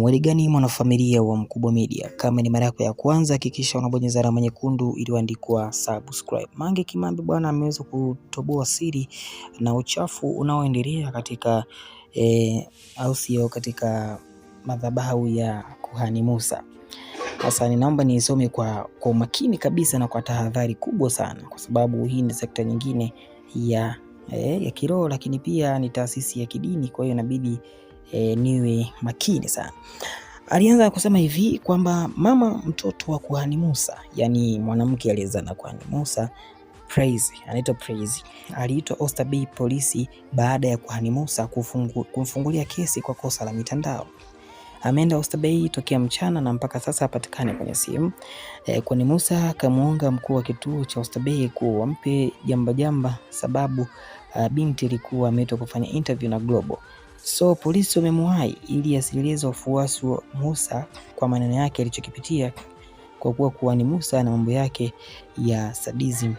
Naam, waligani mwanafamilia wa Mkubwa Media. Kama ni mara yako ya kwanza, hakikisha unabonyeza alama nyekundu iliyoandikwa subscribe. Mange Kimambi bwana ameweza kutoboa siri na uchafu unaoendelea katika e, au sio, katika madhabahu ya Kuhani Musa. Sasa ninaomba nisome kwa kwa umakini kabisa na kwa tahadhari kubwa sana, kwa sababu hii ni sekta nyingine ya, e, ya kiroho, lakini pia ni taasisi ya kidini, kwa hiyo inabidi e, niwe makini sana. Alianza kusema hivi kwamba mama mtoto wa kuhani Musa, yani mwanamke aliyezaa na kuhani Musa Praise, anaitwa Praise, aliitwa Oyster Bay polisi baada ya kuhani Musa kufungu, kumfungulia kesi kwa kosa la mitandao. Ameenda Oyster Bay tokea mchana na mpaka sasa hapatikani kwenye simu e, eh, kwani Musa akamuonga mkuu wa kituo cha Oyster Bay kuwa wampe jamba jamba sababu a, ah, binti ilikuwa ameitwa kufanya interview na Global So polisi wamemuhai ili asieleze wafuasi wa Musa kwa maneno yake alichokipitia, kwa kuwa kuwa ni Musa na mambo yake ya sadism.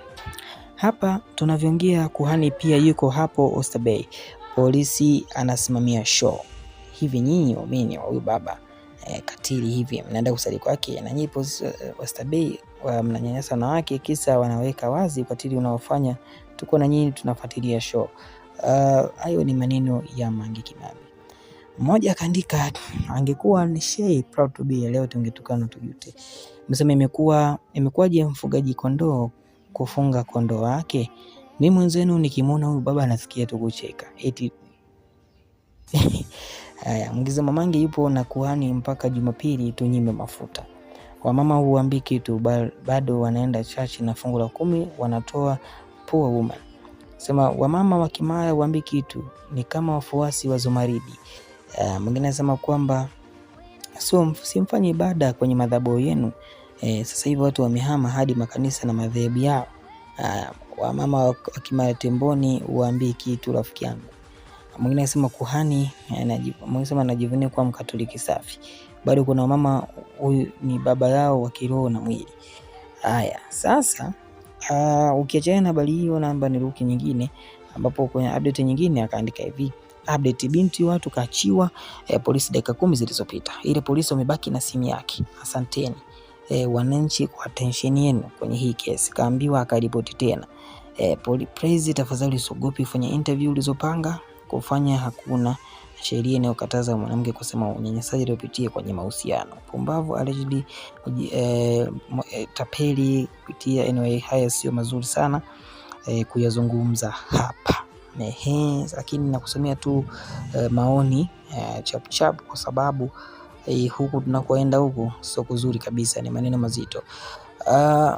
Hapa tunavyoongea kuhani pia yuko hapo Bay, polisi anasimamia show. Hivi nyinyi waumini wa huyu baba eh, katili hivi mnaenda kusali kwake, na nyinyi polisi eh, Oysterbay mnanyanyasa wanawake, kisa wanaweka wazi ukatili unaofanya. Tuko na nyinyi tunafuatilia show. Hayo uh, ni maneno ya Mange Kimambi. Mmoja akaandika, angekuwa ni Shei proud to be, leo tungetukana tujute. Msema imekuwa imekuwaje mfugaji kondoo kufunga kondoo wake? Mi mwenzenu nikimwona huyu baba anasikia tu kucheka eti Haya, mngiza Mange yupo na kuhani mpaka Jumapili tunyime mafuta. Wamama huambi kitu bado wanaenda chachi na fungu la kumi wanatoa poor woman sema wamama wa Kimaya waambi kitu ni kama wafuasi wa Zumaridi. Uh, mwingine anasema kwamba sio simfanye ibada kwenye madhabahu yenu. Eh, sasa hivi watu wamehama hadi makanisa na madhehebu yao. Uh, wamama wa Kimaya Temboni waambi kitu rafiki yangu. Mwingine anasema kuhani, anajisema anajivunia kuwa Mkatoliki safi. Bado kuna wamama huyu ni baba yao wa kiroho na mwili. Haya, sasa Uh, ukiachana na habari hiyo, naomba niruke nyingine, ambapo kwenye update nyingine akaandika hivi update binti watu kaachiwa eh, polisi dakika kumi zilizopita. Ile polisi wamebaki na simu yake. Asanteni eh, wananchi kwa attention yenu kwenye hii kesi. Kaambiwa akaripoti tena eh, poli praise, tafadhali usogopi fanya interview ulizopanga kufanya. Hakuna sheria inayokataza mwanamke kusema unyanyasaji aliopitia kwenye mahusiano. Pumbavu allegedly eh, eh tapeli kupitia. Anyway, haya sio mazuri sana eh, kuyazungumza hapa Ehe, lakini nakusomea tu eh, maoni eh, chap chap kwa sababu eh, huku tunakoenda huku sio kuzuri kabisa, ni maneno mazito. Uh,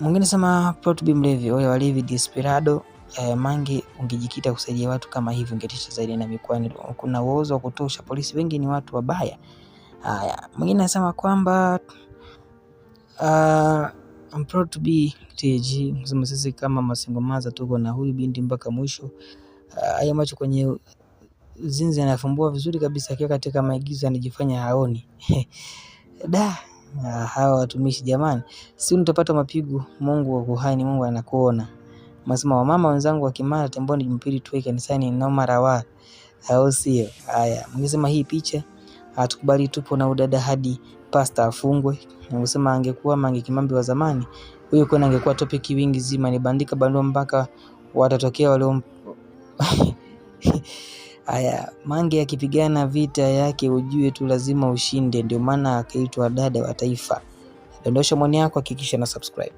mwingine sema plot B mlevi, ole walevi desperado e, Mange, ungejikita kusaidia watu kama hivi ungetisha zaidi, na mikoani kuna uozo wa kutosha, polisi wengi ni watu wabaya. Haya, mwingine anasema kwamba uh, I'm proud to be TG. Kusema sisi kama maza tuko na huyu binti mpaka mwisho. Ah, haya macho kwenye zinzi anafumbua vizuri kabisa, akiwa katika maigizo anajifanya haoni. Da, ah, hawa watumishi jamani, si mtapata mapigo. Mungu wa kuhani, Mungu anakuona. Masema mama wenzangu wa Kimara Temboni Jumapili tuwe kanisani na mara wa au sio? Haya, mngesema hii picha hatukubali, tupo na udada hadi Pasta afungwe. Ningesema angekuwa Mange Kimambi wa zamani, huyo kwani angekuwa topic wingi zima, nibandika bandua mpaka watatokea wale Aya, Mange akipigana vita yake ujue tu lazima ushinde, ndio maana akaitwa dada wa taifa. Dondosha mwani yako, hakikisha na subscribe.